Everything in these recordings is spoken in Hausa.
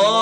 الله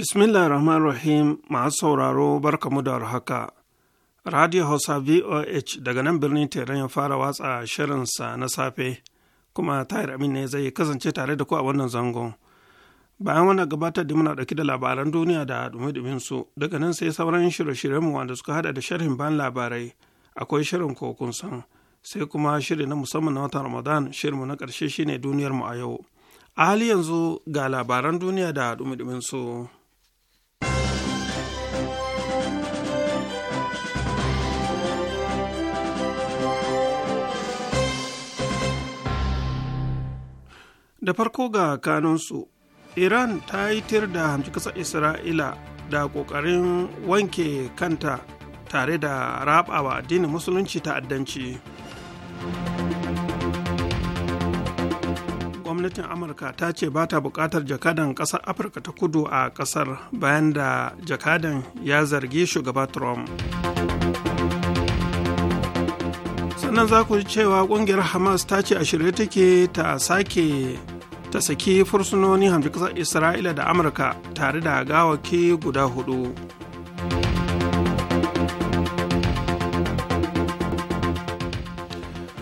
Bismillah rahman rahim masu sauraro barkamu da haka. Radio Hausa VOH daga nan birnin Teran ya fara watsa shirinsa na safe, kuma Tahir Amin ne zai kasance tare da ku a wannan zangon. Bayan wannan gabatar da muna ɗauki da labaran duniya da dumi su daga nan sai sauran shirye-shiryenmu wanda suka hada da sharhin ban labarai, akwai shirin kokun san, sai kuma shiri na musamman na watan Ramadan, shirinmu na ƙarshe shine duniyar mu a yau. A hali yanzu ga labaran duniya da dumi su. da farko ga kanunsu iran ta yi tir da hamci kasar isra'ila da ƙoƙarin wanke kanta tare da rabawa addinin musulunci ta'addanci gwamnatin amurka ta ce ba ta buƙatar jakadan ƙasar afirka ta kudu a ƙasar bayan da jakadan ya zargi shugaba trump sannan za ku ji cewa kungiyar hamas ta ce a shirye take ta sake ta saki fursunoni hamsin kasar isra'ila da amurka tare da gawaki guda hudu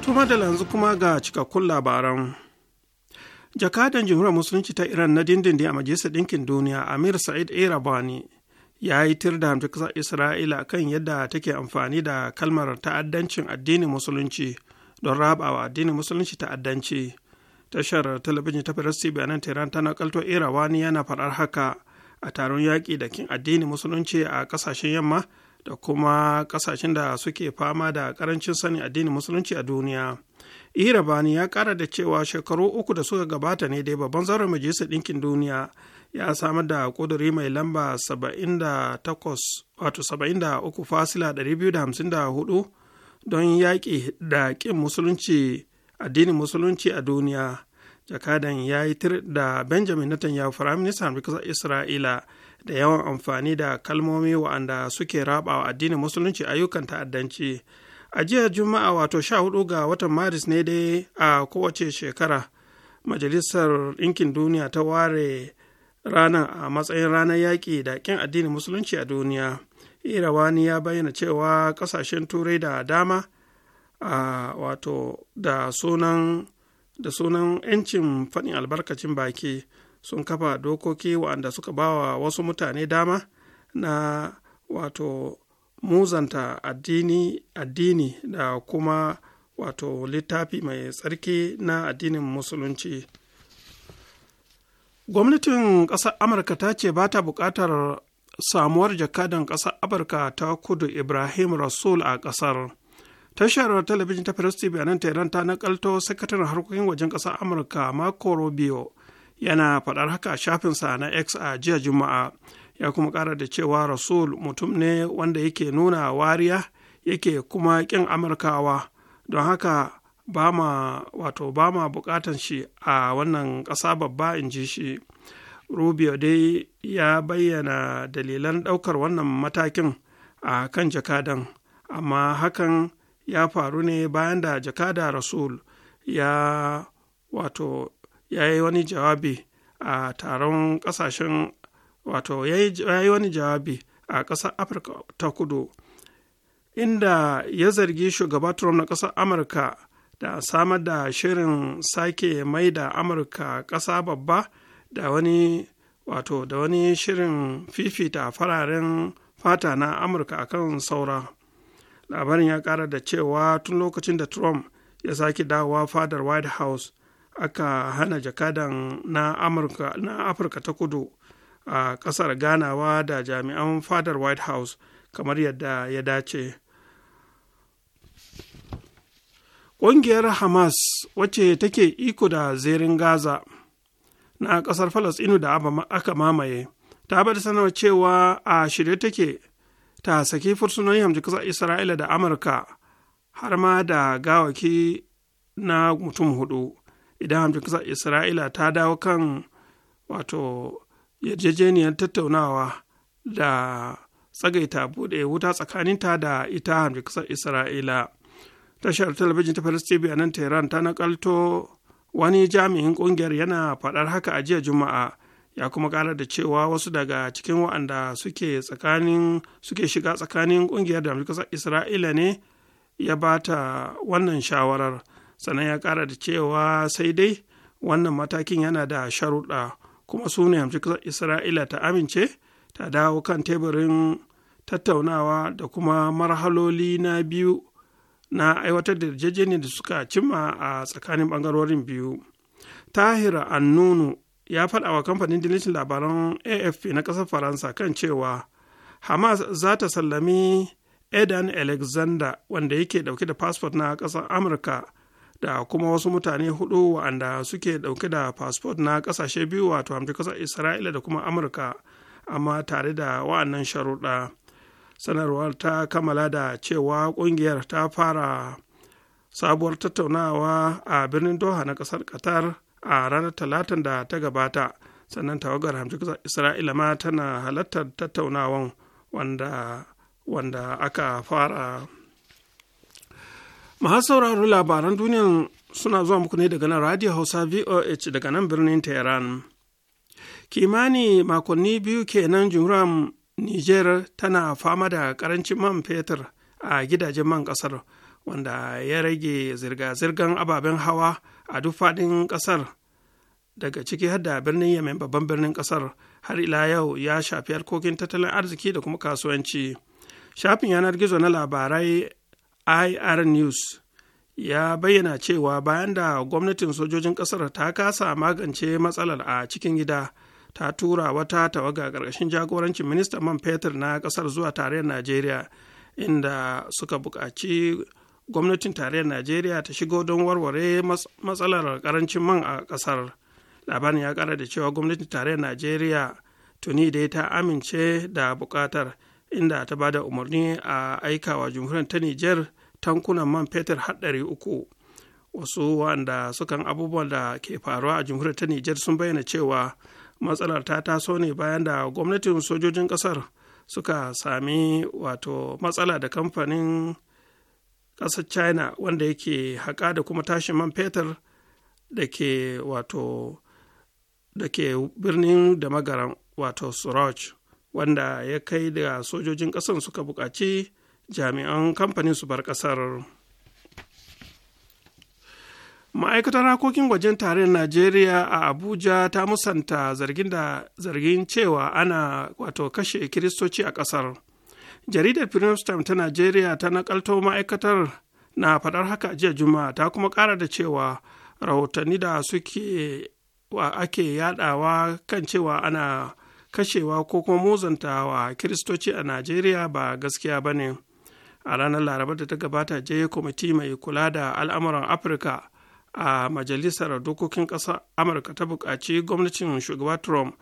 tuma da yanzu kuma ga cikakkun labaran jakadan jimhuriyar musulunci ta iran na dindindin a majalisar ɗinkin duniya amir sa'id irabani ya yi tir da hamci kasar isra'ila kan yadda take amfani da kalmar ta'addancin addinin musulunci don raba wa addinin musulunci ta'addanci tashar talabijin ta firasti bayanan tehran tana kalto irawani yana farar haka a taron yaƙi da kin addinin musulunci a ƙasashen yamma da kuma ƙasashen da suke fama da ƙarancin sanin addinin musulunci a duniya irabani ya kara da cewa shekaru uku da suka gabata ne dai babban zauren majalisar ɗinkin duniya ya samar da ƙuduri mai lamba 73.254 fasila don yaƙi da ƙin musulunci addinin musulunci a duniya jakadan ya yi tir da benjamin netanyahu firaministan ƙasar isra'ila da yawan amfani da kalmomi wa'anda suke rabawa addinin musulunci ayyukan ta'addanci a jiya juma'a wato 14 ga watan maris ne dai a kowace shekara majalisar ɗinkin duniya ta ware ranar a matsayin ranar yaƙi da ƙin addinin musulunci a duniya irawani ya bayyana cewa ƙasashen turai da dama a wato da sunan da sunan 'yancin faɗin albarkacin baki sun kafa dokoki waɗanda suka bawa wasu mutane dama na wato muzanta addini addini da kuma wato littafi mai tsarki na addinin musulunci gwamnatin ƙasar amurka ta ce ba ta buƙatar samuwar jakadan ƙasar amurka ta kudu ibrahim rasul a ƙasar tashar talabijin ta firis bayanan ta tehran ta nakalto sakataren harkokin wajen ƙasar amurka marco rubio yana faɗar haka a shafinsa na x a jiya juma'a ya kuma ƙara da cewa rasul mutum ne wanda yake nuna wariya yake kuma ƙin amurkawa don haka ba ma wato ba ma bukatan shi a wannan ƙasa babba in ji shi rubio dai ya bayyana dalilan ɗaukar wannan matakin a kan jakadan amma hakan ya faru ne bayan da jakada rasul ya wato ya yi wani jawabi a taron ƙasashen wato ya yi wani jawabi a ƙasar afirka ta kudu inda ya zargi shugaba trump na ƙasar amurka da samar da shirin sake mai da amurka ƙasa babba da wani wato da wani shirin fifita fararen fata na amurka akan saura labarin ya kara da cewa tun lokacin da trump ya sake dawowa fadar white house aka hana jakadan na amurka na afirka ta kudu a kasar ganawa da jami'an fadar white house kamar yadda ya dace ƙungiyar hamas wacce take iko da zerin gaza na ƙasar falasɗinu da aka mamaye ta bada sanarwa cewa a shirye take ta saki fursunonin hamji ƙasar isra'ila da amurka har ma da gawaki na mutum hudu idan hamji ƙasar isra'ila ta dawo kan wato yarjejeniyar tattaunawa da tsagaita bude wuta tsakaninta da ita hamji ƙasar isra'ila tashar talabijin ta faransa TV a nan Tehran ta nakalto wani jami'in kungiyar yana faɗar haka a jiya Juma'a ya kuma ƙara da cewa wasu daga cikin wa'anda suke tsakanin suke shiga tsakanin kungiyar da Amurka Isra'ila ne ya bata wannan shawarar sannan ya kara da cewa sai dai wannan matakin yana da sharuɗa kuma su ne Amurka Isra'ila ta amince ta dawo kan teburin tattaunawa da kuma marhaloli na biyu na aiwatar da jejeni da suka cimma a tsakanin bangarorin biyu tahira annunu ya faɗa wa kamfanin dilishin labaran afp na ƙasar faransa kan cewa hamas za ta sallami edan alexander wanda yake ɗauke da fasfot na ƙasar amurka da kuma wasu mutane hudu wa'anda suke ɗauke da fasfot na ƙasashe biyu wato hamdu ƙasar isra'ila da kuma amurka amma tare da wa'annan sharuɗa sanarwar ta kammala da cewa ƙungiyar ta fara sabuwar tattaunawa a birnin doha na ƙasar qatar a ranar talatin da ta gabata sannan tawagar hamshin isra'ila ma tana halartar tattaunawan wanda aka fara masu labaran duniyan suna zuwa muku ne daga nan radio hausa voh daga nan birnin tehran kimani makonni biyu kenan jumram niger tana fama da karancin man fetur a gidajen man ƙasar wanda ya rage zirga-zirgar ababen hawa a duk faɗin ƙasar daga ciki har da birnin yamen babban birnin ƙasar har ila yau ya shafi harkokin tattalin arziki da kuma kasuwanci shafin yanar gizo na labarai ir news ya bayyana cewa bayan da gwamnatin sojojin ƙasar ta kasa magance matsalar a cikin gida ta tura wata tawaga ƙarƙashin jagorancin ministan man fetur na ƙasar zuwa tarayyar najeriya inda suka buƙaci gwamnatin tarayyar najeriya ta shigo don warware matsalar ƙarancin man a ƙasar labarin ya ƙara da cewa gwamnatin tarayyar najeriya tuni dai ta amince da buƙatar inda ta ba da umarni a aikawa jamhuriyar ta niger tankunan man fetur haɗari uku wasu wanda sukan abubuwan da ke faruwa a jamhuriyar ta niger sun bayyana cewa matsalar ta taso ne bayan da gwamnatin sojojin kasar suka sami wato matsala da kamfanin ƙasar china wanda yake haƙa da kuma tashin man fetur da ke wato da ke birnin da magaran wato suraj wanda ya kai da sojojin ƙasar suka buƙaci jami'an kamfanin su bar ƙasar. ma'aikatar harkokin wajen tarayyar najeriya a abuja ta musanta zargin da zargin cewa ana wato kashe kiristoci a ƙasar jaridar Prince Time ta najeriya ta nakalto ma'aikatar na faɗar haka jiya juma'a ta kuma ƙara da cewa rahotanni da suke wa ake yadawa kan cewa ana kashewa ko kuma muzantawa kiristoci a najeriya ba gaskiya ba ne a ranar laraba da ta gabata je kwamiti mai kula da al'amuran afirka a majalisar dokokin ƙasar amurka ta buƙaci gwamnatin shugaba trump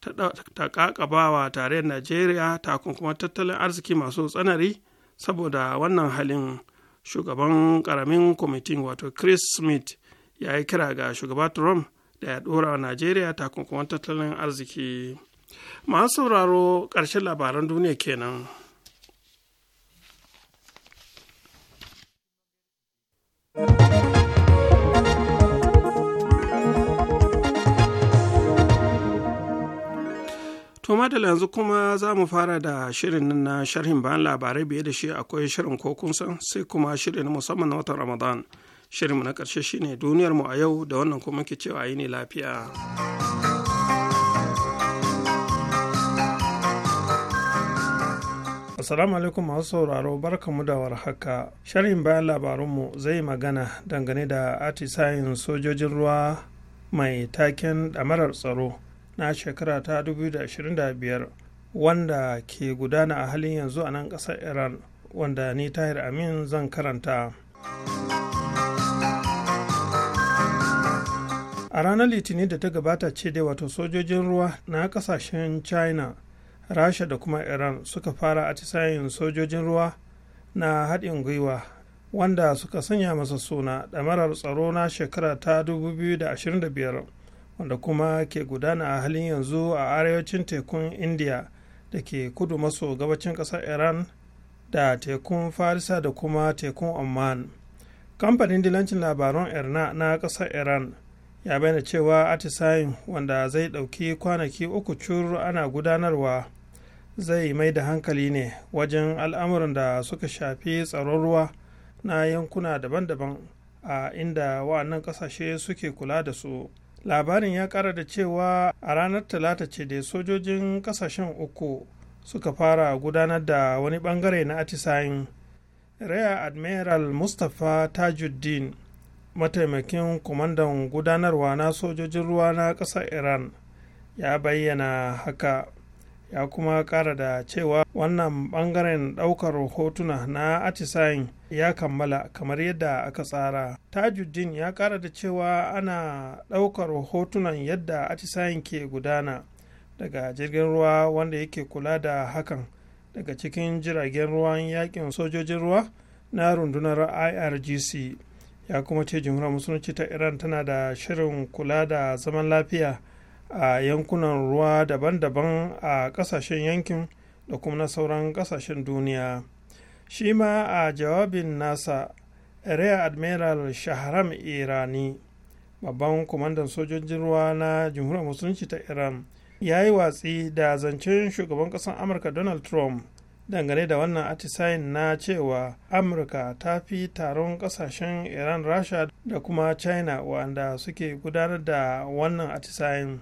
ta ƙaƙabawa tarayyar najeriya takunkuman tattalin arziki masu tsanari saboda wannan halin shugaban ƙaramin kwamitin wato chris smith ya yi kira ga shugaba trump da ya ɗora wa najeriya takunkuman tattalin arziki masu sauraro ƙarshen labaran duniya kenan. thank you To madala yanzu kuma za mu fara da shirin nan na sharhin bayan labarai biye da shi akwai shirin ko kun san sai kuma shirin musamman na watan Ramadan. shirin mu na ƙarshe shine duniyar mu a yau da wannan kuma ke cewa yi ne lafiya. Assalamu alaikum masu sauraro barkamu da warhaka. Sharhin bayan labarunmu zai magana dangane da atisayin sojojin ruwa mai taken ɗamarar tsaro. na shekara ta 2025 wanda ke gudana a halin yanzu a nan ƙasar iran wanda ni tahir amin zan karanta a ranar litinin da ta gabata ce dai wato sojojin ruwa na kasashen china rasha da kuma iran suka fara atisayin sojojin ruwa na haɗin gwiwa wanda suka sanya masa suna ɗamarar tsaro na shekara ta 2025 wanda kuma ke gudana a halin yanzu a arewacin tekun india da ke kudu maso gabacin ƙasar iran da tekun farisa da kuma tekun oman kamfanin dilancin labaran irna na ƙasar iran ya bayyana cewa atisayin wanda zai ɗauki kwanaki uku cur ana gudanarwa zai mai da hankali ne wajen al'amuran da suka shafi tsaron ruwa na yankuna daban-daban a inda wa'annan ƙasashe suke kula da su labarin ya kara da cewa a ranar talata ce da sojojin kasashen uku suka fara gudanar da wani bangare na atisayin rear admiral mustapha tajuddin mataimakin kwamandan gudanarwa na sojojin ruwa na ƙasar iran ya bayyana haka ya kuma kara da cewa wannan bangaren daukar hotuna na atisayin ya kammala kamar yadda aka tsara tajuddin ya kara da cewa ana daukar hotunan yadda atisayin ke gudana daga jirgin ruwa wanda yake kula da hakan daga cikin jiragen ruwan yakin sojojin ruwa na rundunar irgc ya kuma ce jamhuriyar musulunci ta iran tana da shirin kula da zaman lafiya a yankunan ruwa daban-daban a kasashen yankin da kuma na sauran kasashen duniya shi ma a jawabin nasa rear admiral shahram irani babban kwamandan sojojin ruwa na jamhuriyar musulunci ta iran ya yi watsi da zancen shugaban ƙasar amurka donald trump dangane da wannan atisayin na cewa amurka ta fi taron kasashen iran rasha da kuma china wanda suke gudanar da wannan atisayin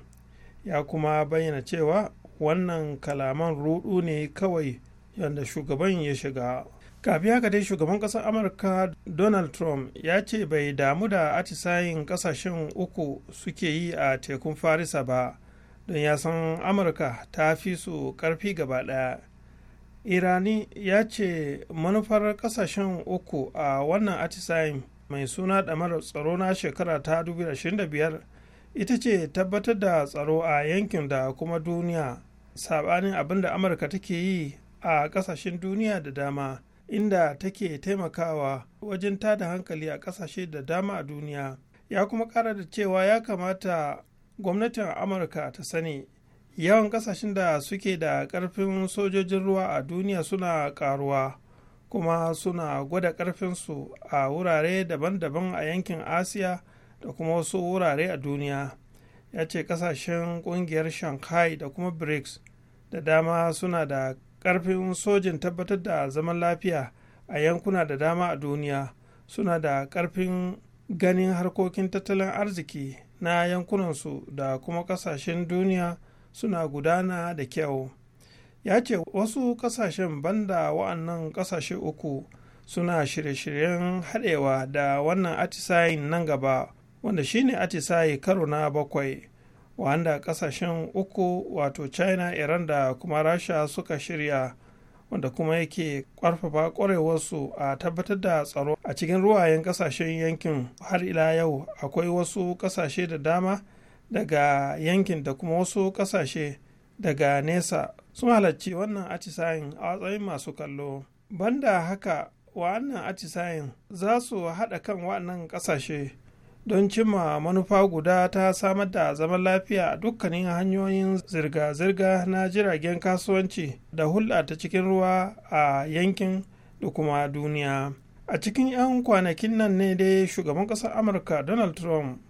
ya kuma bayyana cewa wannan kalaman rudu ne kawai yadda shugaban ya shiga kafin haka dai shugaban ƙasar amurka donald trump ya ce bai damu da atisayin ƙasashen uku suke yi a tekun farisa ba don ya san amurka ta fi su ƙarfi gaba ɗaya irani ya ce manufar ƙasashen uku a wannan atisayin mai suna ɗamar tsaro na shekara ta 2025 ita ce tabbatar da tsaro a yankin da kuma duniya saɓanin abin da amurka take yi a ƙasashen duniya da dama inda take taimakawa wajen tada hankali a ƙasashe da dama a duniya ya kuma ƙara da cewa ya kamata gwamnatin amurka ta sani yawan ƙasashen da suke da ƙarfin sojojin ruwa a duniya suna ƙaruwa kuma suna gwada ƙarfinsu a wurare daban-daban a yankin asiya da kuma wasu wurare a duniya ya ce kasashen kungiyar shanghai da kuma brics da dama suna da karfin sojin tabbatar da zaman lafiya a yankuna da dama a duniya suna da karfin ganin harkokin tattalin arziki na yankunansu da kuma kasashen duniya suna gudana da kyau ya ce wasu kasashen banda wa'annan kasashe uku suna shirye-shiryen haɗewa da wannan atisayin nan gaba wanda shine atisaye karo na bakwai wanda kasashen uku wato china iran da kuma rasha suka shirya wanda kuma yake ƙarfafa ƙwarewarsu a tabbatar da tsaro a cikin ruwayen kasashen yankin har ila yau akwai wasu kasashe da dama daga yankin da kuma wasu kasashe daga nesa sun halarci wannan atisayin a matsayin masu kallo banda haka wa'annan atisayin za su haɗa kan wannan ƙasashe don cimma manufa guda ta samar da zaman lafiya a dukkanin hanyoyin zirga-zirga na jiragen kasuwanci da hulɗa ta cikin ruwa a yankin da kuma duniya a cikin 'yan kwanakin nan ne dai shugaban ƙasar amurka donald trump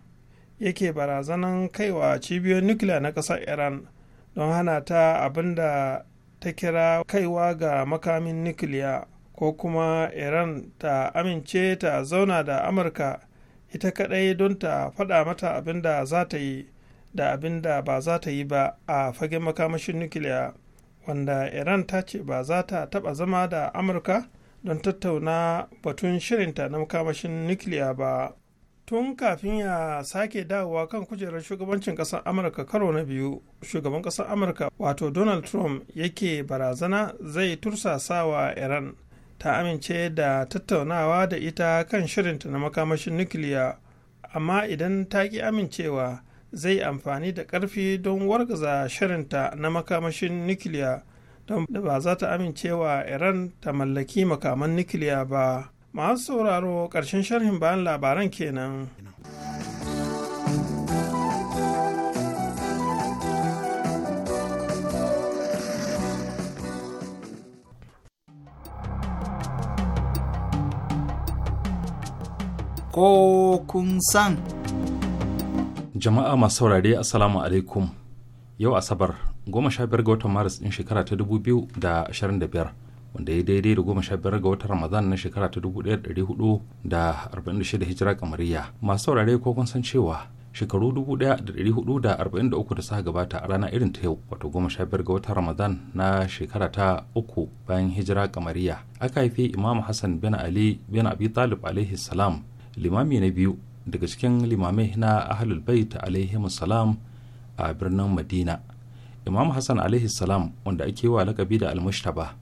yake barazanan kaiwa cibiyar nukiliya na ƙasar iran don hana ta abin da ta kira kaiwa ga makamin nukiliya ko kuma iran ta amince ta zauna da amurka ita kaɗai don ta faɗa mata abin da za ta yi da abin da ba za ta yi ba a fagen makamashin nukiliya wanda iran ta ce ba za ta taɓa zama da amurka don tattauna batun shirinta na makamashin nukiliya ba tun kafin ya sake dawowa kan kujerar shugabancin ƙasar amurka karo na biyu shugaban ƙasar amurka wato donald trump yake barazana zai tursasawa iran ta amince da tattaunawa da ita kan shirinta na makamashin nukiliya amma idan ta ki amincewa zai amfani da ƙarfi don wargaza shirinta na makamashin nukiliya don da ba za ta amincewa iran ta mallaki makaman nukiliya ba masu sauraro ƙarshen sharhin bayan labaran kenan. ko kun san. Jama'a masu saurare Assalamu alaikum. Yau Asabar goma sha biyar ga watan Maris ɗin shekara ta dubu biyu da ashirin da biyar wanda ya daidai da goma sha biyar ga watan Ramadan na shekara ta dubu ɗaya da ɗari hudu da arba'in da shida hijira kamariya. Masu saurare ko kun san cewa shekaru dubu ɗaya da hudu da da da arba'in uku suka gabata a rana irin ta yau wato goma sha biyar ga watan ramadan na shekara ta uku bayan hijira kamariya aka haifi imam hassan bin ali bin abi talib alaihi salam limami na biyu daga cikin limamai na ahlul bait alaihi salam a birnin madina imam hassan alaihi salam wanda ake wa lakabi da almushtaba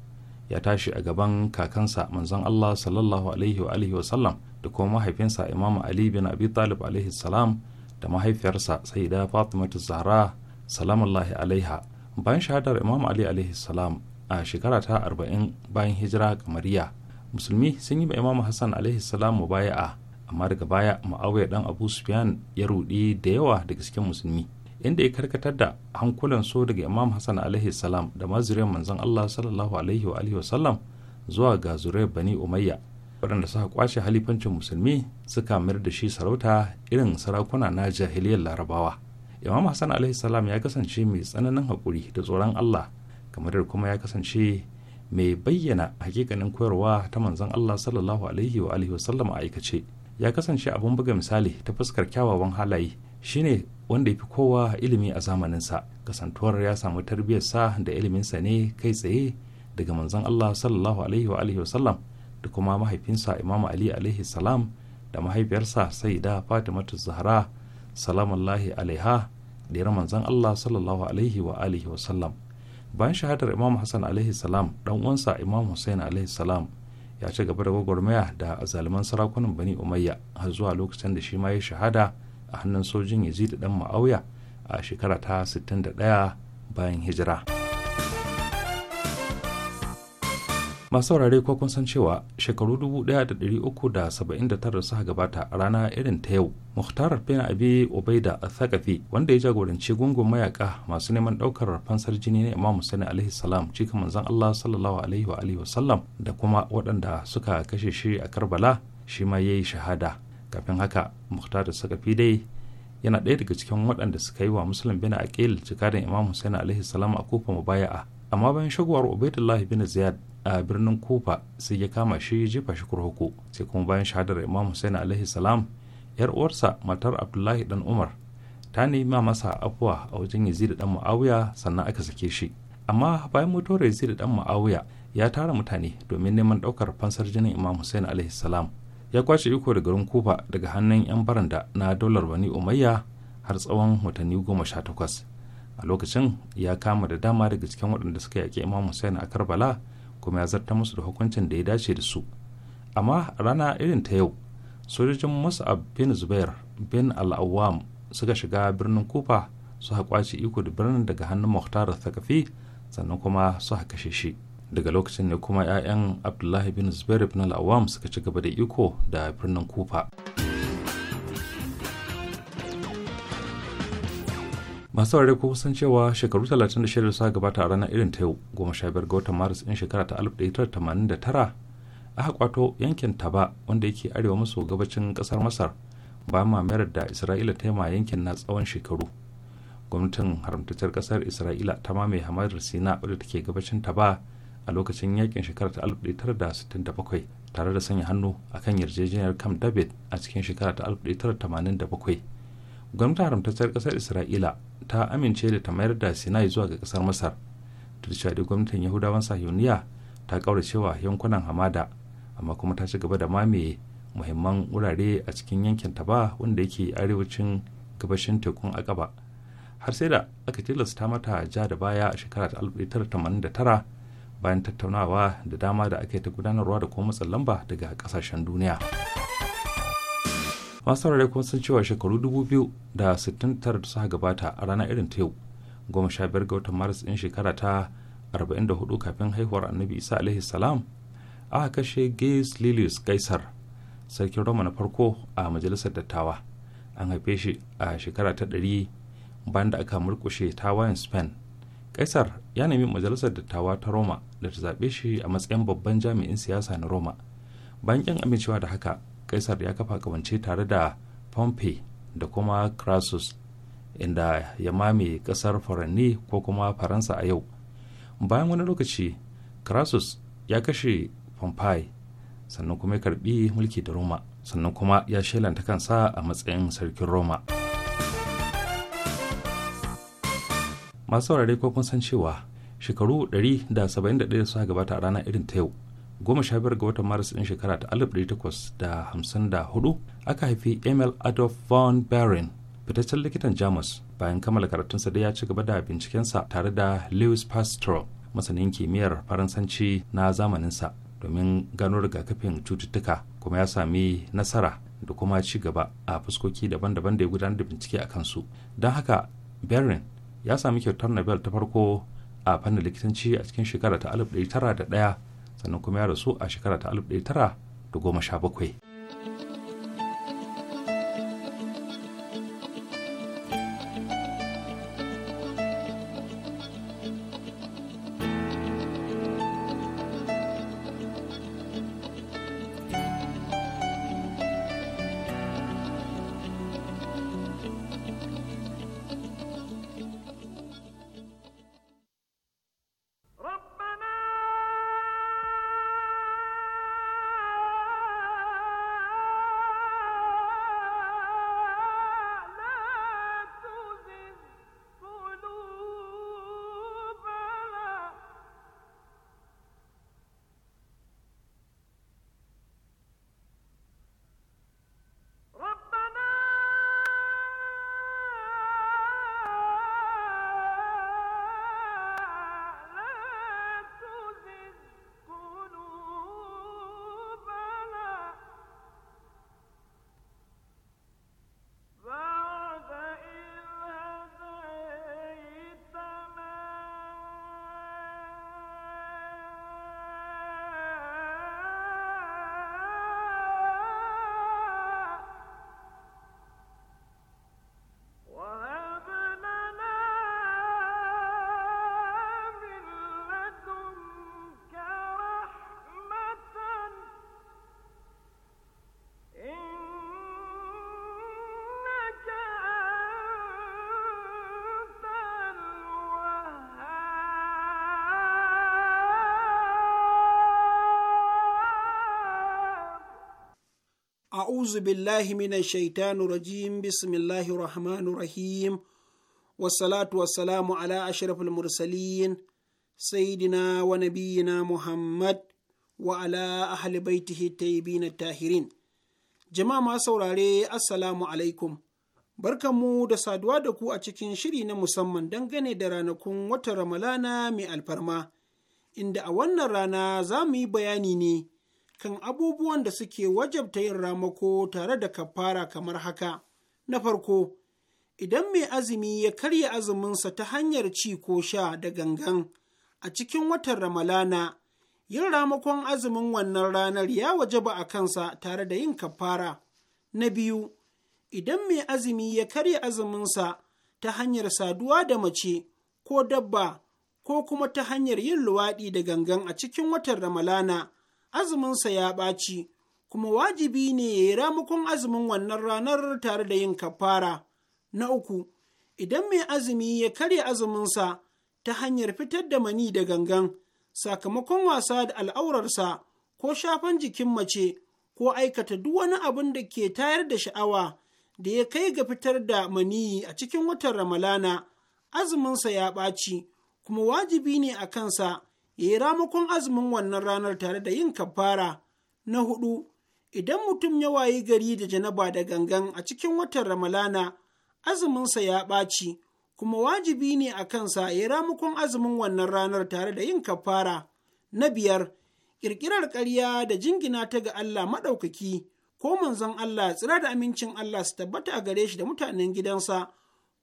ya tashi a gaban kakansa manzon allah sallallahu alaihi wa alihi wasallam da kuma mahaifinsa imam ali bin abi talib alaihi salam da mahaifiyarsa sayyida fatimatu zahra salamullahi alaiha bayan shahadar imam ali alaihi salam a shekara ta arba'in bayan hijira kamariya musulmi sun yi ba imam hassan alaihi salam mubaya'a amma daga baya ma'awiya dan abu sufyan ya rudi da yawa daga cikin musulmi inda ya karkatar da hankulan so daga imam hassan alaihi salam da mazuriyar manzon allah sallallahu alaihi wa alihi zuwa ga zuriyar bani umayya waɗanda suka kwashe halifancin musulmi suka mayar da shi sarauta irin sarakuna na jahiliyar larabawa imam hassan alaihi salam ya kasance mai tsananin haƙuri da tsoron allah kamar da kuma ya kasance mai bayyana hakikanin koyarwa ta manzon allah sallallahu alaihi wa alihi a aikace ya kasance abin buga misali ta fuskar kyawawan halaye shine wanda ya fi kowa ilimi a zamaninsa kasantuwar ya samu tarbiyyarsa da iliminsa ne kai tsaye daga manzon Allah sallallahu alaihi wa alihi wasallam da kuma mahaifinsa Imam Ali alaihi salam da mahaifiyarsa Sayyida Fatimatu Zahra salamullahi alaiha da ya manzon Allah sallallahu alaihi wa alihi wasallam bayan shahadar Imam Hassan alaihi salam dan uwansa Imam Hussein alaihi salam ya ci gaba da gwagwarmaya da azaluman sarakunan bani umayya har zuwa lokacin da shi ma ya shahada a hannun sojin yazid dan ma'auya a shekara ta 61 bayan hijira. masu saurare ko kun san cewa shekaru 1379 suka gabata a rana irin ta yau muhtar bin abi obaida al wanda ya jagoranci gungun mayaka masu neman daukar fansar jini na imam sani alaihi salam cikin manzon allah sallallahu alaihi wa alihi da kuma waɗanda suka kashe shi a karbala shi ma ya yi shahada kafin haka muhtar sakafi dai yana ɗaya daga cikin waɗanda suka yi wa musulun bin aqil jikarin imam sani alaihi salam a kofa mubaya'a amma bayan shagowar ubaidullahi bin ziyad a birnin kufa sai ya kama shi jefa shi kurkuku sai kuma bayan shahadar imam hussein alaihi salam yar uwarsa matar abdullahi dan umar ta nema masa afuwa a wajen yazid dan muawiya sannan aka sake shi amma bayan mutuwar yazid dan muawiya ya tara mutane domin neman daukar fansar jinin imam hussein alaihi salam ya kwace iko da garin kufa daga hannun yan baranda na daular bani umayya har tsawon watanni goma sha takwas a lokacin ya kama da dama daga cikin waɗanda suka yaƙi imam hussein a karbala kuma ya zarta musu da hukuncin da ya dace da su amma rana irin ta yau sojojin mus'ab bin zubair bin al'awam suka shiga birnin kufa su kwace iko da birnin daga hannun muhtar thakafi sannan kuma su kashe shi daga lokacin ne kuma 'ya'yan abdullahi bin zubair bin al'awam suka ci gaba da iko da birnin kufa. masu saurare ko kusan cewa shekaru 36 suka gabata a ranar irin ta yau goma sha biyar ga watan maris in shekara ta 1989 aka kwato yankin taba wanda yake arewa maso gabacin kasar masar bayan mamayar da isra'ila ta ma yankin na tsawon shekaru gwamnatin haramtacciyar kasar isra'ila ta mamaye hamadar sina wadda take gabacin taba a lokacin yakin shekara ta 1967 tare da sanya hannu a kan yarjejeniyar camp david a cikin shekara ta 1987 gwamnatin haramtacciyar kasar isra'ila ta amince da ta mayar da sinai zuwa ga kasar masar da turshadi gwamnatin yahudawan sahiyoniya ta kauracewa yankunan hamada amma kuma ta ci gaba da mamaye muhimman wurare a cikin yankin ta ba wanda yake arewacin gabashin tekun akaba har sai da aka tilasta mata ja da baya a shekara ta 1989 bayan tattaunawa da dama da aka yi ta gudanarwa da kuma matsin lamba daga kasashen duniya. masu saurare kuma sun cewa shekaru dubu biyu da sittin da suka gabata a rana irin ta yau goma sha biyar ga watan maris din shekara ta 44 kafin haihuwar annabi isa alaihi salam aka kashe gaius lilius kaisar sarkin roma na farko a majalisar dattawa an haife shi a shekara ta ɗari bayan da aka murkushe tawayen spain kaisar ya nemi majalisar dattawa ta roma da ta zaɓe shi a matsayin babban jami'in siyasa na roma bayan amincewa da haka kaisar ya kafa kamance tare da pompey da kuma crassus inda ya mame kasar faranni ko kuma faransa a yau bayan wani lokaci crassus ya kashe pompey sannan kuma ya karbi mulki da roma sannan kuma ya shelanta kansa a matsayin sarkin roma masu saurare ko kun san cewa shekaru 171 da suka gabata a ranar irin ta yau goma sha biyar ga watan maris din shekara ta alif ɗari takwas da hamsin da hudu aka haifi emil adolf von barin fitaccen likitan jamus bayan kammala karatunsa da ya ci gaba da bincikensa tare da lewis pastor masanin kimiyyar faransanci na zamaninsa domin gano rigakafin cututtuka kuma ya sami nasara da kuma ci gaba a fuskoki daban-daban da ya gudanar da bincike a kansu don haka berin ya sami kyautar nobel ta farko a fannin likitanci a cikin shekara ta da tara 1901 sannan kuma ya rasu a shekara ta 1917 a'uzu billahi minash shaitani rajim bismillahi rahmanu rahim wassalatu wassalamu ala ashrafil mursalin saidina wa nabiyyina muhammad wa ala ahli baitihi tayyibin tahirin jama'a ma saurare assalamu alaikum barkanmu da saduwa da ku a cikin shiri na musamman dangane da ranakun watan ramalana mai alfarma inda a wannan rana za mu yi bayani ne kan abubuwan da suke wajabta yin ramako tare da kafara kamar haka. Na farko, idan mai azumi ya karya azuminsa ta hanyar ci ko sha da gangan a cikin watan Ramalana, yin ramakon azumin wannan ranar ya wajaba a kansa tare da yin kafara. Na biyu, idan mai azumi ya karya azuminsa ta hanyar saduwa da mace ko dabba ko kuma ta hanyar yin luwaɗi da gangan a cikin watan Ramalana, azuminsa ya ɓaci, kuma wajibi ne ya yi ramukun azumin wannan ranar tare da yin kafara. Na uku, idan mai azumi ya karya azuminsa ta hanyar fitar da mani da gangan, sakamakon wasa da al'aurarsa ko shafan jikin mace ko aikata duk wani abin da ke tayar da sha'awa da ya kai ga fitar da maniyi a cikin watan Ramalana, azuminsa ya ɓaci, kuma wajibi ne a kansa ya yi ramakon azumin wannan ranar tare da yin kafara na hudu idan mutum ya wayi gari da janaba da gangan a cikin watan ramalana azuminsa ya ɓaci kuma wajibi ne a kansa ya ramakon azumin wannan ranar tare da yin kafara na biyar ƙirƙirar ƙarya da jingina ta ga Allah maɗaukaki ko manzon Allah tsira da amincin Allah su tabbata a gare shi da mutanen gidansa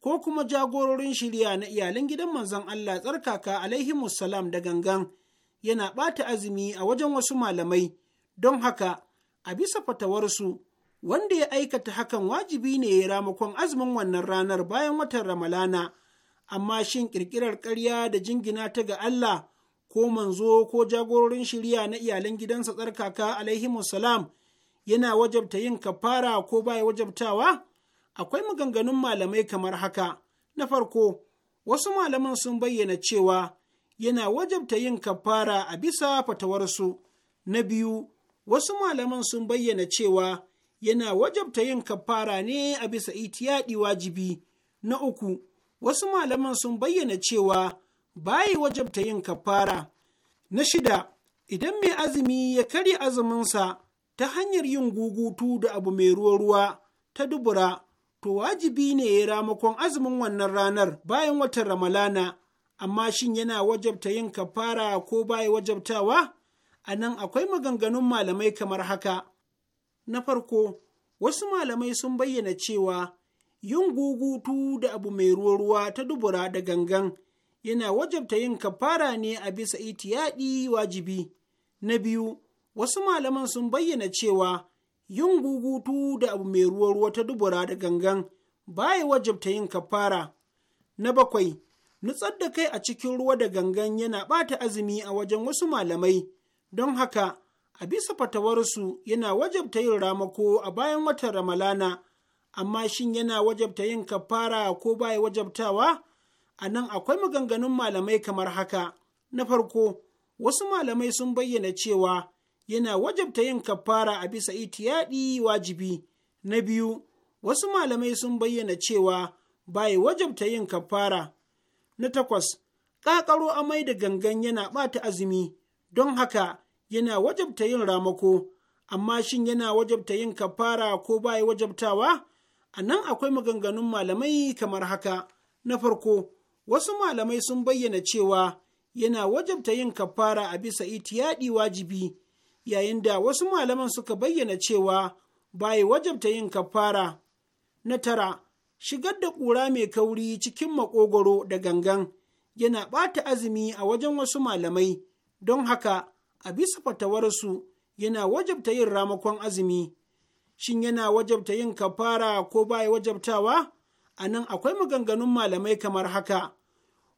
ko kuma jagororin shirya na iyalan gidan manzon Allah tsarkaka alaihi musalam da gangan yana ɓata azumi a wajen wasu malamai don haka a bisa fatawarsu wanda ya aikata hakan wajibi ne ya ramakon azumin wannan ranar bayan watan ramalana amma shin ƙirƙirar ƙarya da jingina ta ga Allah ko manzo ko jagororin shirya na iyalan gidansa tsarkaka alaihi salam yana wajabta yin kafara ko baya wajabtawa akwai maganganun malamai kamar haka. Na farko, wasu malaman sun bayyana cewa yana wajabta yin kafara a bisa fatawarsu. Na biyu, wasu malaman sun bayyana cewa yana wajabta yin kafara ne a bisa itiyaɗi wajibi. Na uku, wasu malaman sun bayyana cewa bayi wajabta yin kafara. Na shida, idan mai azumi ya karya azuminsa ta hanyar yin gugutu da abu mai ruwa-ruwa ta dubura to wajibi ne ya ramakon azumin wannan ranar bayan watan Ramalana, amma shin yana wajabta yin kafara ko baya wajabtawa? A nan akwai maganganun malamai kamar haka. Na farko, wasu malamai sun bayyana cewa yin gugutu da abu mai ruwa ta dubura da gangan yana wajabta yin kafara ne a bisa itiyaɗi wajibi. Na biyu, wasu malaman sun bayyana cewa yin gugutu da abu mai ruwa ruwa ta dubura da gangan baya wajabta yin kafara na bakwai nutsar da kai a cikin ruwa da gangan yana ɓata azumi a wajen wasu malamai don haka a bisa fatawarsu yana wajabta yin ramako a bayan watan ramalana amma shin yana wajabta yin kafara ko baya wajabtawa a nan akwai maganganun malamai kamar haka na farko wasu malamai sun bayyana cewa yana wajabta yin kafara a bisa itiyaɗi wajibi. Na biyu, wasu malamai sun bayyana cewa bai wajabta yin kafara. Na takwas, ƙaƙaro amai da gangan yana ɓata azumi, don haka yana wajabta yin ramako, amma shin yana wajabta yin kafara ko bai wajabtawa? A nan akwai maganganun malamai kamar haka. Na farko, wasu malamai sun bayyana cewa yana wajabta yin kafara a bisa itiyaɗi wajibi. yayin da wasu malaman suka bayyana cewa bai wajabta yin kafara. Na tara, shigar da ƙura mai kauri cikin maƙogwaro da gangan yana ɓata azumi a wajen wasu malamai, don haka a bisa fatawarsu yana wajabta yin ramakon azumi. Shin yana wajabta yin kafara ko bai wajabtawa? A nan akwai maganganun malamai kamar haka.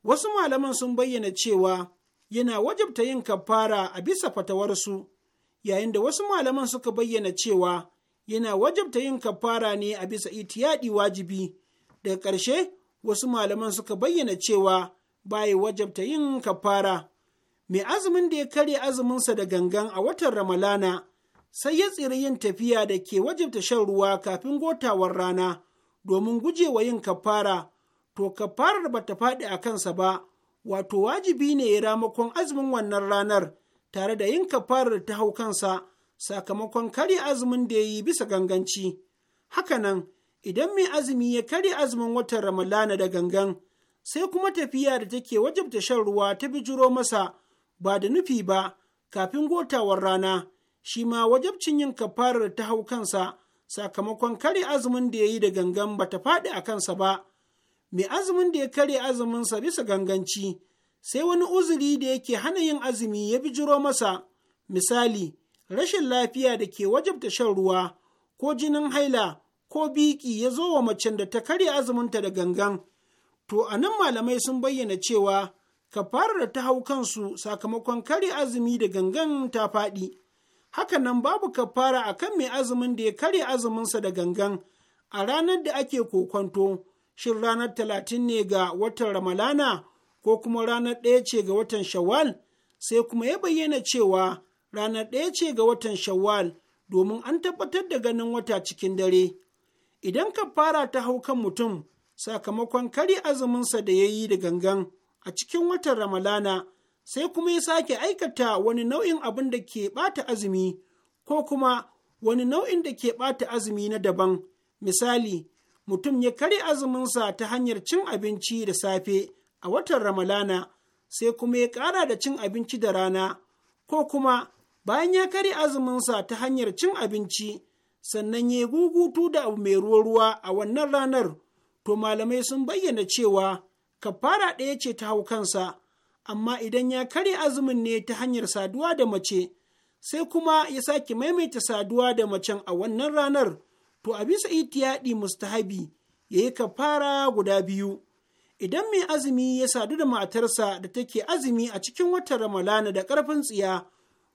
Wasu malaman sun bayyana cewa yana wajabta yin kafara a bisa fatawarsu. yayin da wasu malaman suka bayyana cewa yana wajabta yin kafara ne a bisa itiyadi wajibi daga ƙarshe wasu malaman suka bayyana cewa baya wajabta yin kafara mai azumin da ya karya azuminsa da gangan a watan ramalana sai ya tsiri yin tafiya da ke wajabta shan ruwa kafin gotawar rana domin gujewa yin kafara to kafarar ba ta faɗi a kansa ba wato wajibi ne ya ramakon azumin wannan ranar tare da yin kafarar ta hau kansa sakamakon karya azumin da ya yi bisa ganganci. Hakanan, idan mai azumi ya karya azumin watan Ramalana da gangan, sai kuma tafiya da take wajabta shan ruwa ta bijiro masa ba da nufi ba kafin gotawar rana, shi ma wajabcin yin kafarar ta hau kansa sakamakon karya azumin da ya yi da gangan ba ta faɗi a kansa ba. Mai azumin da ya karya azuminsa bisa ganganci. sai wani uzuri da yake hana yin azumi ya bijiro masa misali rashin lafiya da ke wajabta shan ruwa ko jinin haila ko biki ya zo wa macen da ta karya azuminta da gangan to a nan malamai sun bayyana cewa ka da ta hau kansu sakamakon karya azumi da gangan ta faɗi haka nan babu ka fara a kan mai azumin da ya karya azuminsa da gangan a ranar da ake kokwanto shin ranar talatin ne ga watan ramalana ko kuma ranar ɗaya ce ga watan Shawwal, sai kuma ya bayyana cewa ranar ɗaya ce ga watan Shawwal domin an tabbatar da ganin wata cikin dare. Idan ka fara ta hau kan mutum sakamakon kari azuminsa da ya yi da gangan a cikin watan Ramalana, sai kuma ya sake aikata wani nau'in abin da ke bata azumi ko kuma wani nau'in da ke ɓata azumi na daban. Misali, mutum ya kari azuminsa ta hanyar cin abinci da safe. a watan Ramalana sai kuma ya ƙara da cin abinci da rana ko kuma bayan ya karya azuminsa ta hanyar cin abinci sannan ya gugutu da abu mai ruwa-ruwa a wannan ranar to malamai sun bayyana cewa kafara ɗaya ce ta hau kansa amma idan ya karya azumin ne ta hanyar saduwa da mace sai kuma ya sake maimaita saduwa da macen a wannan ranar to a bisa itiyaɗi mustahabi ya yi kafara guda biyu Idan mai azumi ya sadu da matarsa da take azumi a cikin watan Ramalana da ƙarfin tsiya,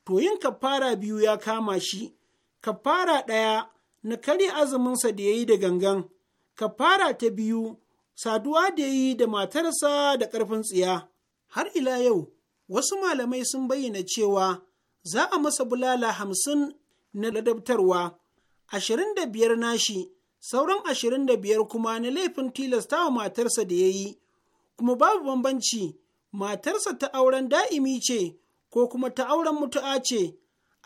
to yin kafara biyu ya kama shi, kafara ɗaya na karya azuminsa da ya yi da gangan, kafara ta biyu saduwa da ya yi da matarsa da ƙarfin tsiya. Har ila yau, wasu malamai sun bayyana cewa za a masa bulala hamsin na ladabtarwa, ashirin da biyar nashi sauran ashirin da biyar kuma na laifin tilasta wa matarsa da ya yi, kuma babu bambanci matarsa ta auren da'imi ce ko kuma ta auren mutu'a ce,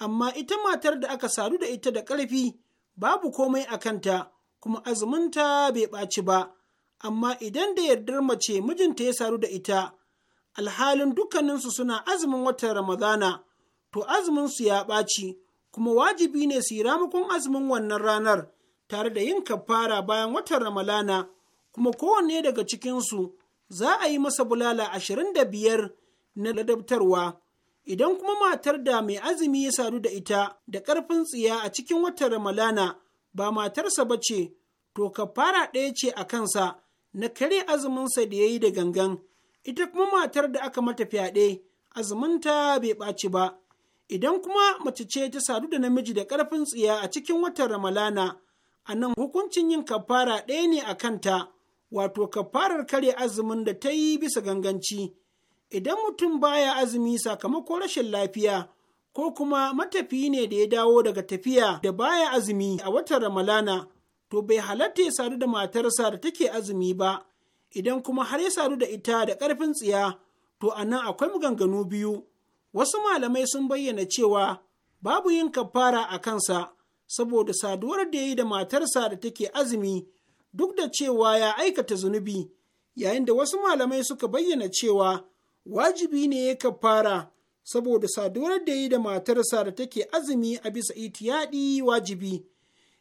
amma ita matar da aka sadu da ita da ƙarfi babu komai a kanta, kuma azuminta bai ɓaci ba, amma idan da yardar mace mijinta ya sadu da ita, alhalin dukkaninsu suna azumin watan Ramadana, to azuminsu ya ɓaci, kuma wajibi ne su yi ramakon azumin wannan ranar. tare da yin kafara bayan watan Ramalana, kuma kowanne daga cikinsu za a yi masa bulala ashirin da biyar na ladabtarwa. Idan kuma matar da mai azumi ya sadu da ita da ƙarfin tsiya a cikin watan Ramalana ba matarsa ba ce, to kafara ɗaya ce a kansa na kare azuminsa da ya yi da gangan. Ita kuma matar da aka mata fyaɗe, azuminta bai ɓaci ba. Idan kuma mace ce ta sadu da namiji da ƙarfin tsiya a cikin watan Ramalana, a nan hukuncin yin kafara ɗaya ne a kanta, wato kafarar kare azumin da ta yi bisa ganganci. Idan mutum baya azumi sakamakon rashin lafiya, ko kuma matafiyi ne da ya dawo daga tafiya da baya azumi a watan Ramalana, to bai halatta ya sadu da matarsa da take azumi ba, idan kuma har ya sadu da ita da ƙarfin tsiya, to a nan akwai maganganu biyu. Wasu malamai sun bayyana cewa babu yin kafara a kansa. saboda saduwar da ya yi da matarsa da take azumi duk da cewa ya aikata zunubi yayin da wasu malamai suka bayyana cewa wajibi ne ya kafara saboda saduwar da ya yi da matarsa da take azumi a bisa itiyaɗi wajibi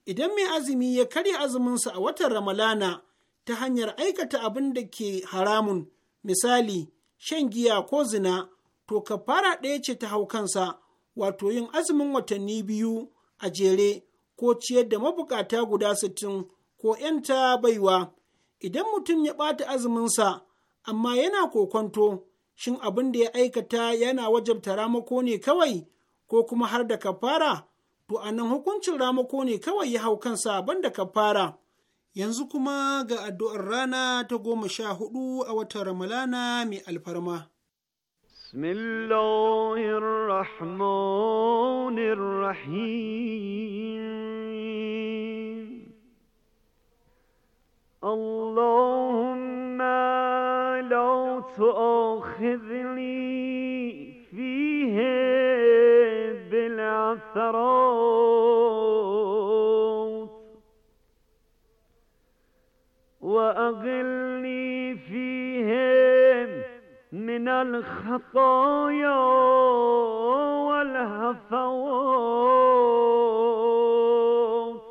idan mai azumi ya karya azuminsa a watan ramalana ta hanyar aikata abin da ke haramun misali shan giya ko zina to kafara ɗaya ce ta hau kansa wato yin azumin watanni biyu a jere ko ciyar da mabukata guda sittin ko ‘yanta baiwa. Idan mutum ya ɓata azuminsa, amma yana kokonto, shin abin da ya aikata yana wajabta ramako ne kawai ko kuma har da kafara, to a nan hukuncin ramako ne kawai ya hau kansa ban da kafara. Yanzu kuma ga addu'ar rana ta goma sha hudu a watan Ramalana mai alfarma. بسم الله الرحمن الرحيم اللهم لا تؤاخذني فيه بالعثرات وأغلني فيهم من الخطايا والهفوات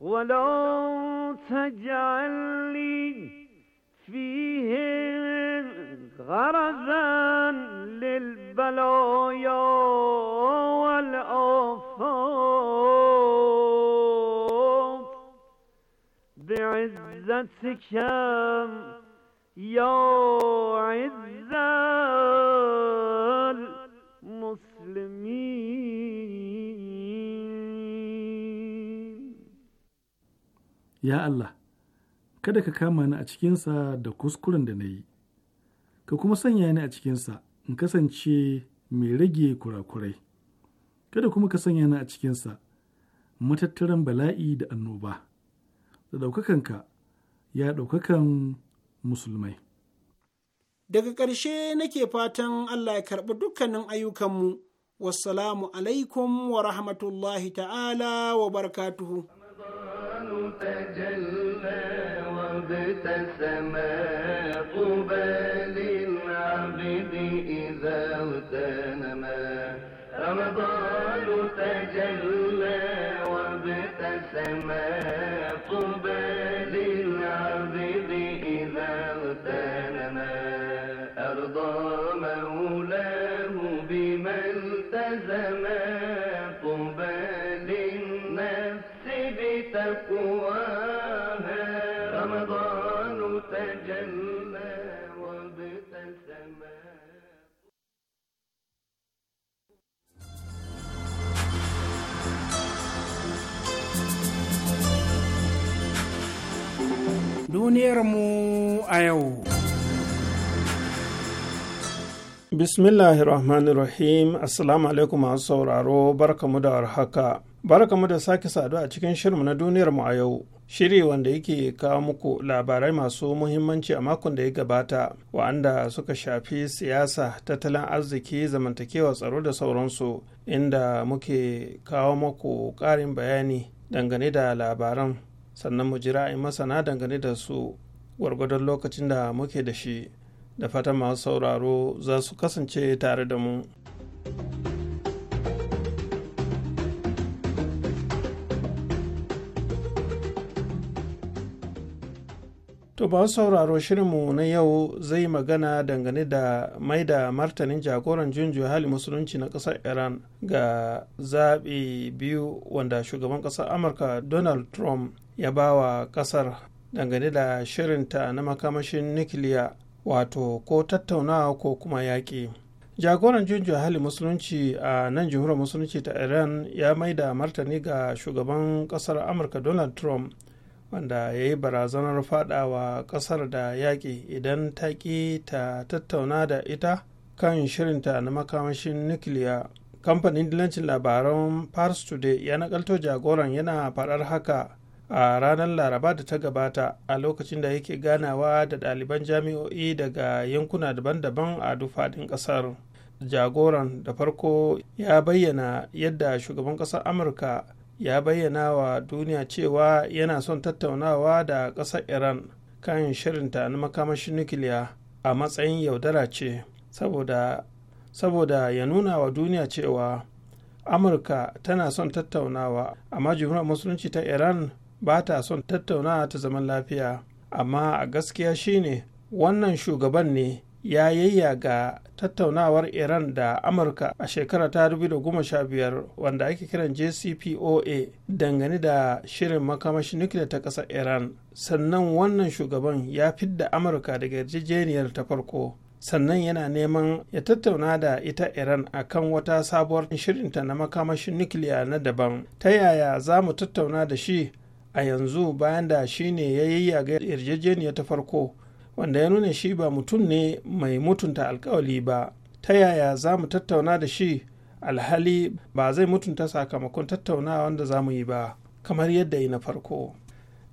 ولا تجعل لي فيه غرزا للبلايا والآفات بعزتك يا عز المسلمين يا الله kada ka kama ni a cikinsa da kuskuren da na yi ka kuma sanya ni a cikinsa in kasance mai rage kurakurai kada kuma ka sanya ni a cikinsa matattaran bala'i da annoba da ɗaukakanka ya ɗaukakan musulmai daga ƙarshe nake fatan allah ya karɓi dukkanin ayyukanmu wassalamu alaikum wa rahmatullahi ta'ala wa barakatuhu رمضان تجلى duniyarmu a yau. Bismillahirrahmanirrahim Assalamu alaikum masu sauraro barkamu da warhaka. Barkamu da sake saduwa a cikin shirinmu na duniyarmu a yau. Shiri wanda yake kawo muku labarai masu muhimmanci a makon da ya gabata, wa'anda suka shafi siyasa, tattalin arziki, zamantakewa tsaro da sauransu, inda muke kawo muku ƙarin bayani dangane da labaran sannan mu jira in masana dangane da su gwargwadon lokacin da muke da shi da fatan masu sauraro za su kasance tare da mu. To ba sauraro shirinmu na yau zai magana dangane da mai da martanin jagoran junju hali musulunci na ƙasar Iran ga zaɓe biyu wanda shugaban ƙasar Amurka Donald Trump ya ba wa kasar dangane da shirinta na makamashin nukiliya wato ko tattaunawa ko kuma yaƙi jagoran junjo hali musulunci a nan jamhuriyar musulunci ta iran ya maida martani ga shugaban kasar amurka donald trump wanda ya yi barazanar wa kasar da yaƙi idan ta ƙi ta tattauna da ita kan shirinta na makamashin nukiliya kamfanin dilancin labaran pars today ya nakalto jagoran yana faɗar haka a ranar laraba da ta gabata a lokacin da yake ganawa da ɗaliban jami'o'i daga yankuna daban-daban a dufaɗin ƙasar jagoran da farko ya bayyana yadda shugaban ƙasar amurka ya bayyana wa duniya cewa yana son tattaunawa da ƙasar iran kan shirinta na makamashin nukiliya a matsayin yaudara ce saboda, ya nuna wa duniya cewa amurka tana son tattaunawa amma jumhuriyar musulunci ta iran ba ta son tattaunawa ta zaman lafiya amma a gaskiya shine wannan shugaban ne ya yayya ga tattaunawar iran da amurka a shekara ta 2015 wanda ake kiran jcpoa dangane da shirin makamashi nukiliya ta ƙasa iran sannan wannan shugaban ya fidda amurka daga yarjejeniyar ta farko sannan yana neman ya tattauna da ita iran akan wata sabuwar shirinta na makamashin nukiliya na daban ta yaya za mu tattauna da shi a yanzu bayan da shi ne ya yayyaga yarjejeniya ta farko wanda ya nuna shi ba mutum ne mai mutunta alkawali ba ta yaya za mu tattauna da shi alhali ba zai mutunta sakamakon tattaunawa wanda za mu yi ba kamar yadda yi na farko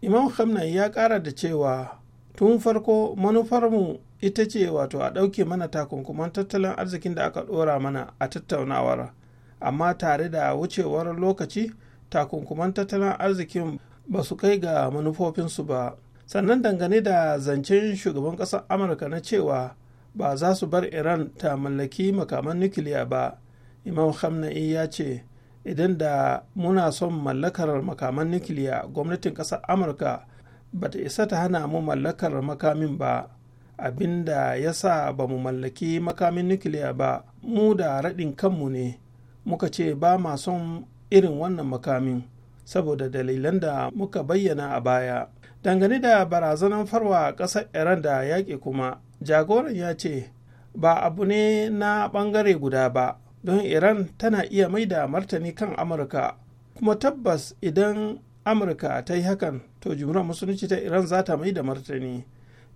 imam hamna ya kara da cewa tun farko manufarmu ita ce wato a ɗauke mana takunkuman tattalin arzikin da aka ɗora mana a tattaunawar amma tare da wucewar lokaci takunkuman tattalin arzikin ba su kai ga manufofinsu ba sannan dangane da zancen shugaban ƙasar amurka na cewa ba za su bar iran ta mallaki makaman nukiliya ba imam hamna'i ya ce idan da muna son mallakar makaman nukiliya gwamnatin ƙasar amurka ba ta isa ta hana mu mallakar makamin ba abinda ya sa ba mu mallaki makamin nukiliya ba mu da raɗin kanmu ne muka ce ba ma son irin wannan makamin saboda dalilan da muka bayyana a baya dangane da barazanan farwa ƙasar iran da yaƙi kuma jagoran ya ce ba abu ne na ɓangare guda ba don iran tana iya mai da martani kan amurka kuma tabbas idan amurka ta yi hakan to jumhuriyar musulunci ta iran za ta mai da martani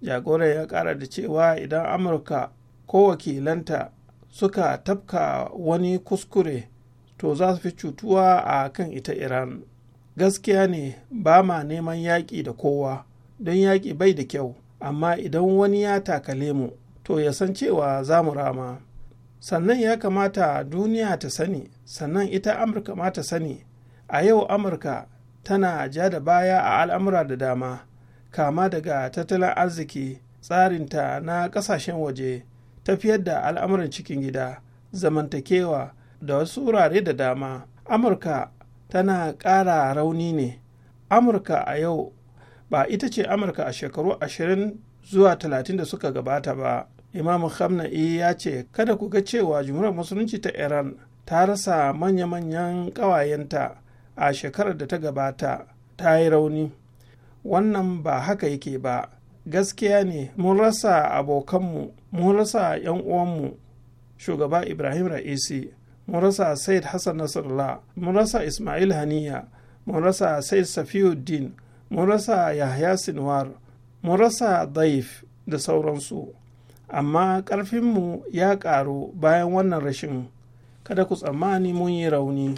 jagoran ya kara da cewa idan amurka ko wakilanta suka tabka wani kuskure to za su fi cutuwa a kan ita iran gaskiya ne ba ma neman yaƙi da kowa don yaƙi bai da kyau amma idan wani ya takale mu to ya san cewa za mu rama sannan ya kamata duniya ta sani sannan ita amurka ma ta sani a yau amurka tana ja da baya a al'amura da dama kama daga tattalin arziki tsarinta na ƙasashen waje tafiyar da al'amuran cikin gida zamantakewa da wasu wurare da dama amurka tana ƙara rauni ne amurka a yau ba ita ce amurka a shekaru 20 zuwa 30 da suka gabata ba imam khamna'i ya ce kada ku ga cewa jumhuriyar musulunci ta iran ta rasa manya-manyan ƙawayenta a shekarar da ta gabata ta yi rauni wannan ba haka yake ba gaskiya ne mun rasa abokanmu mun rasa 'yan uwanmu shugaba ibrahim ra'isi mun rasa said hassan Nasrallah, mun rasa ismail haniya mun rasa said safiuddin mun rasa yahya sinwar mun rasa daif da sauransu amma ƙarfinmu ya ƙaru bayan wannan rashin kada ku tsammani mun yi rauni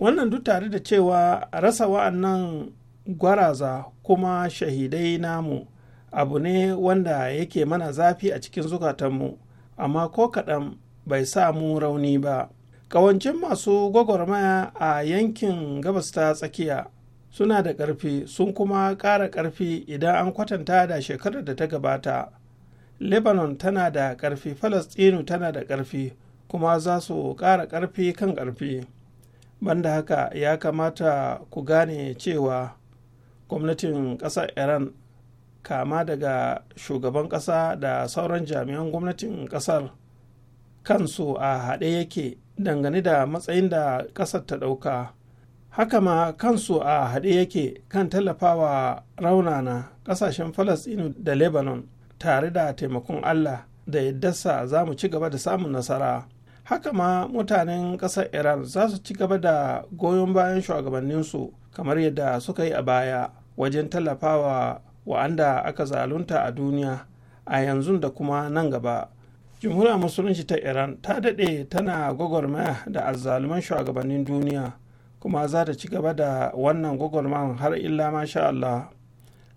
wannan duk tare da cewa rasa wa'annan gwaraza kuma shahidai namu abu ne wanda yake mana zafi a cikin zukatanmu amma ko kaɗan bai sa mu rauni ba kawancin masu gwagwarmaya a yankin gabas ta tsakiya suna da ƙarfi sun kuma ƙara ƙarfi idan an kwatanta da shekarar da ta gabata lebanon tana da ƙarfi falastinu tana da ƙarfi kuma za su ƙara ƙarfi kan ƙarfi banda haka ya kamata ku gane cewa gwamnatin ƙasar iran kama daga shugaban ƙasa da sauran jami'an gwamnatin ƙasar kansu a haɗe yake dangane da matsayin da ƙasar ta ɗauka haka ma kansu a haɗe yake kan tallafawa raunana ƙasashen falasɗinu da lebanon tare da taimakon allah da yaddarsa za mu ci gaba da samun nasara haka ma mutanen ƙasar iran za su ci gaba da goyon bayan shugabanninsu kamar yadda suka yi a baya wajen tallafawa wa'anda aka zalunta a duniya a yanzu da kuma nan gaba jamhuriyar musulunci ta iran ta daɗe tana gwagwarmaya da azzaluman shugabannin duniya kuma za ta ci gaba da wannan gwagwarmayar har illa masha Allah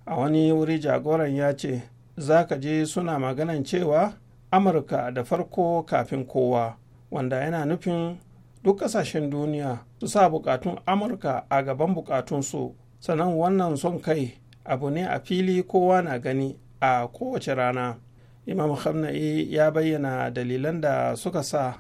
a wani wuri jagoran ya ce za ka je suna maganan cewa amurka da farko kafin kowa wanda yana nufin duk ƙasashen duniya su sa bukatun amurka a gaban bukatunsu sannan wannan son kai abu ne a fili kowa na gani a kowace rana imam khamna'i ya bayyana dalilan da suka sa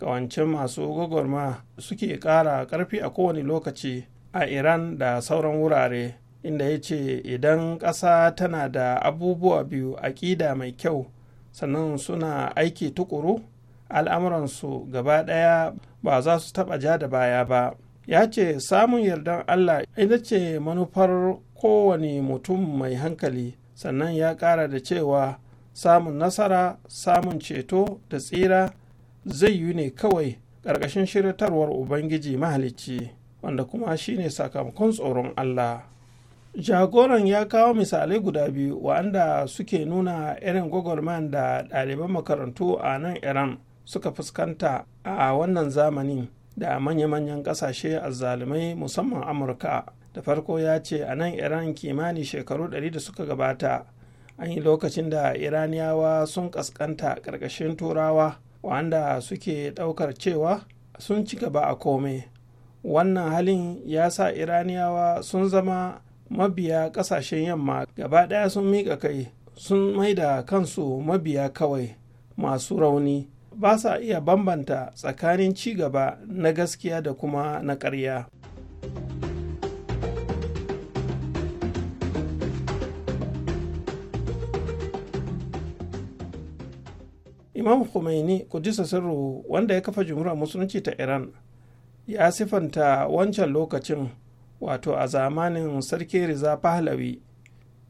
kawancin masu gwagwarma suke ƙara ƙarfi a kowane lokaci a iran da sauran wurare inda ya ce idan ƙasa tana da abubuwa biyu aƙida mai kyau sannan suna aiki tukuru al'amuransu gaba ɗaya ba za su taɓa ja da baya ba ya ce samun yardan allah ita ce manufar kowane mutum mai hankali sannan ya ƙara da cewa samun nasara samun ceto da tsira zai yi ne kawai ƙarƙashin shiritarwar ubangiji mahalicci wanda kuma shine sakamakon tsoron allah jagoran ya kawo misalai guda biyu wa'anda suke nuna irin gwagwarman da ɗaliban makarantu a nan iran suka fuskanta a wannan zamanin da manya-manyan ƙasashe a zalimai musamman amurka da farko ya ce a nan iran kimanin shekaru 100 da suka gabata an yi lokacin da iraniyawa sun kaskanta ƙarƙashin turawa wanda suke ɗaukar cewa sun ci gaba a komai wannan halin ya sa iraniyawa sun zama mabiya ƙasashen yamma gaba ɗaya sun miƙa kai sun maida kansu mabiya kawai masu rauni ba sa iya bambanta tsakanin ci gaba na gaskiya da kuma na ƙarya. imam khomeini kudisa sirru wanda ya kafa jumhuriyar musulunci ta iran ya sifanta wancan lokacin wato a zamanin sarki riza pahlavi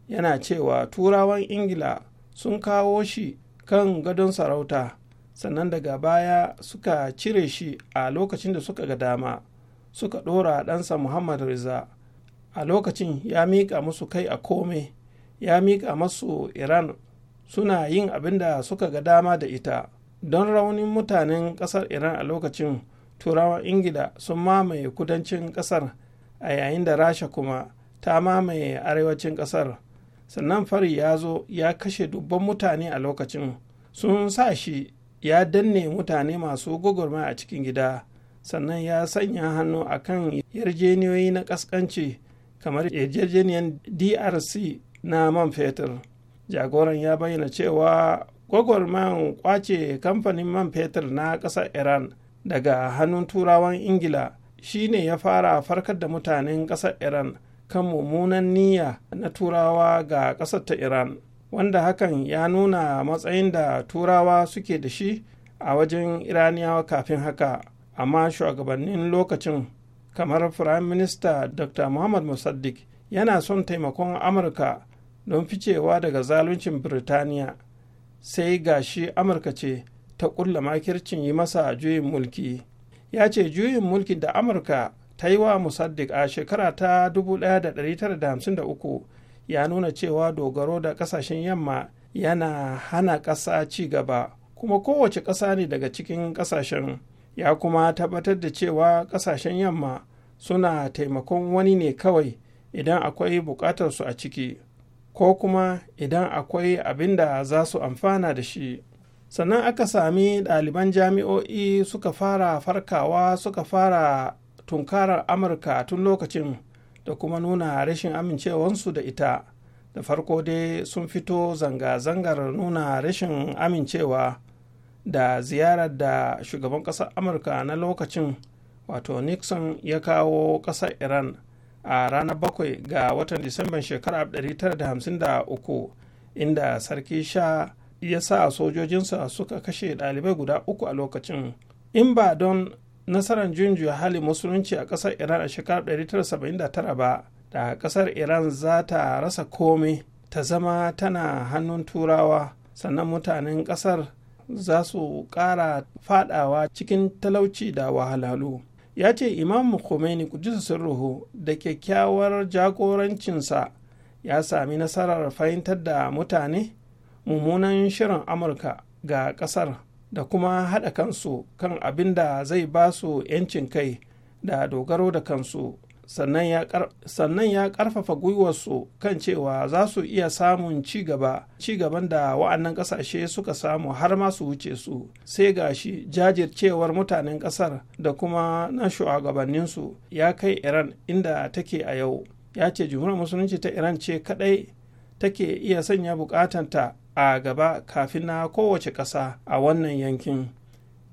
yana cewa turawan ingila sun kawo shi kan gadon sarauta sannan daga baya suka cire shi a lokacin da suka ga dama suka ɗora ɗansa muhammad riza a lokacin ya mika musu kai a kome ya miƙa masu iran suna yin abin da suka ga dama da ita don raunin mutanen kasar iran a lokacin turawan ingila sun mamaye kudancin kasar a yayin da rasha kuma ta mamaye arewacin kasar sannan fari ya zo ya kashe dubban mutane a lokacin sun sa shi ya danne mutane masu gugurma a cikin gida sannan ya sanya hannu a kan yarjeniyoyi na kaskanci kamar yarjejeniyar drc na man fetur jagoran ya bayyana cewa gwagwarmayan kwace kamfanin man fetur na ƙasar iran daga hannun turawan ingila shine ya fara farkar da mutanen ƙasar iran kan mummunan niyya na turawa ga ƙasar ta iran wanda hakan ya nuna matsayin da turawa suke da shi a wajen iraniyawa kafin haka amma shugabannin lokacin kamar firayim minista dr muhammad musaddiq yana son taimakon amurka don ficewa daga zaluncin birtaniya sai gashi amurka ce ta ƙulla makircin yi masa juyin mulki ya ce juyin mulki da amurka ta yi wa musaddiq a shekara ta 1953 ya nuna cewa dogaro da kasashen yamma yana hana ƙasa ci gaba kuma kowace ƙasa ne daga cikin ƙasashen ya kuma tabbatar da cewa ƙasashen yamma suna taimakon wani ne kawai idan akwai buƙatarsu a ciki ko kuma idan akwai abin da za su amfana da shi sannan aka sami ɗaliban jami'o'i suka fara farkawa suka fara tunkarar amurka tun lokacin da kuma nuna rashin amincewansu da ita da farko dai sun fito zanga-zangar nuna rashin amincewa da ziyarar da shugaban ƙasar amurka na lokacin wato nixon ya kawo ƙasar iran a ranar bakwai ga watan disamban shekarar 1953 inda sarki sha ya sa sojojinsa suka kashe ɗalibai guda uku a lokacin in ba don nasarar junjuya hali musulunci a ƙasar iran a shekarar 1979 ba da ƙasar iran za ta rasa komai ta zama tana hannun turawa sannan mutanen ƙasar za su ƙara fadawa cikin talauci da wahalhalu ya ce imam khomeini kudus sirruhu da kyakkyawar jagorancinsa ya sami nasarar fahimtar da mutane mummunan shirin amurka ga kasar da kuma haɗa kansu kan abin da zai ba su 'yancin kai da dogaro da kansu sannan ya karfafa gwiwarsu kan cewa za su iya samun ci gaban da wa'annan ƙasashe suka samu har ma su wuce su sai ga shi jajircewar mutanen ƙasar da kuma na shugabanninsu ya kai iran inda take a yau ya ce jumhuriyar musulunci ta iran ce kadai take iya sanya bukatanta a gaba kafin na kowace ƙasa a wannan yankin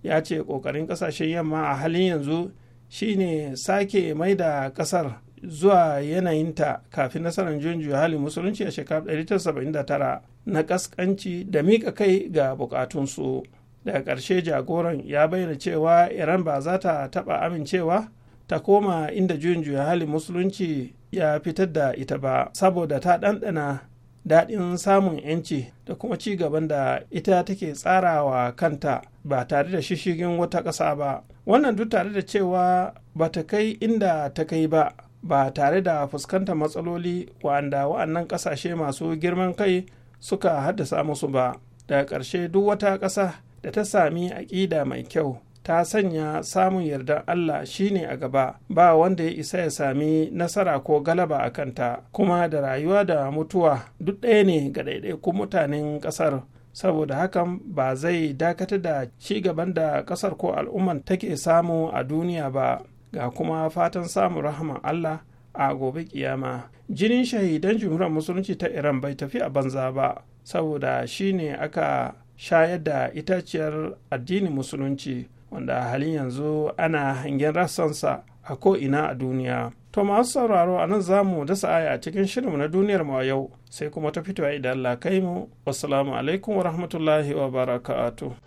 ya ce ƙoƙarin ƙasashen yamma a halin yanzu shine sake mai da kasar zuwa yanayinta kafin nasarar juyin hali musulunci a shekarar 1979 na kaskanci da miƙa kai ga bukatunsu daga ƙarshe jagoran ya bayyana cewa iran ba za ta taɓa amincewa ta koma inda juyin hali musulunci ya fitar da ita ba saboda ta ɗanɗana daɗin samun 'yanci da kuma ci gaban da ita take tsarawa kanta ba tare da shishigin wata ƙasa ba wannan duk tare da cewa ba ta kai inda ta kai ba ba tare da fuskantar matsaloli wa'anda wa'annan ƙasashe masu girman kai suka haddasa musu ba daga ƙarshe duk wata ƙasa da ta sami aƙida mai kyau ta sanya samun yardan Allah shine a gaba ba wanda ya isa ya sami nasara ko galaba a kanta kuma da rayuwa da mutuwa duk ɗaya ne ga ɗaiɗaikun mutanen ƙasar saboda hakan ba zai dakata da ci gaban da ƙasar ko al'umman take samu a duniya ba ga kuma fatan samun rahman Allah a gobe kiyama jinin shahidan jumhuriyar musulunci ta iran bai tafi a banza ba saboda shine aka shayar da itaciyar addinin musulunci wanda a halin yanzu ana hangen rassansa a ko'ina a duniya. To masu sauraro a nan za mu dasa aya a cikin shirinmu na duniyar mu a yau sai kuma ta fitowa idan Allah kai mu. Wassalamu alaikum wa rahmatullahi wa barakatuh.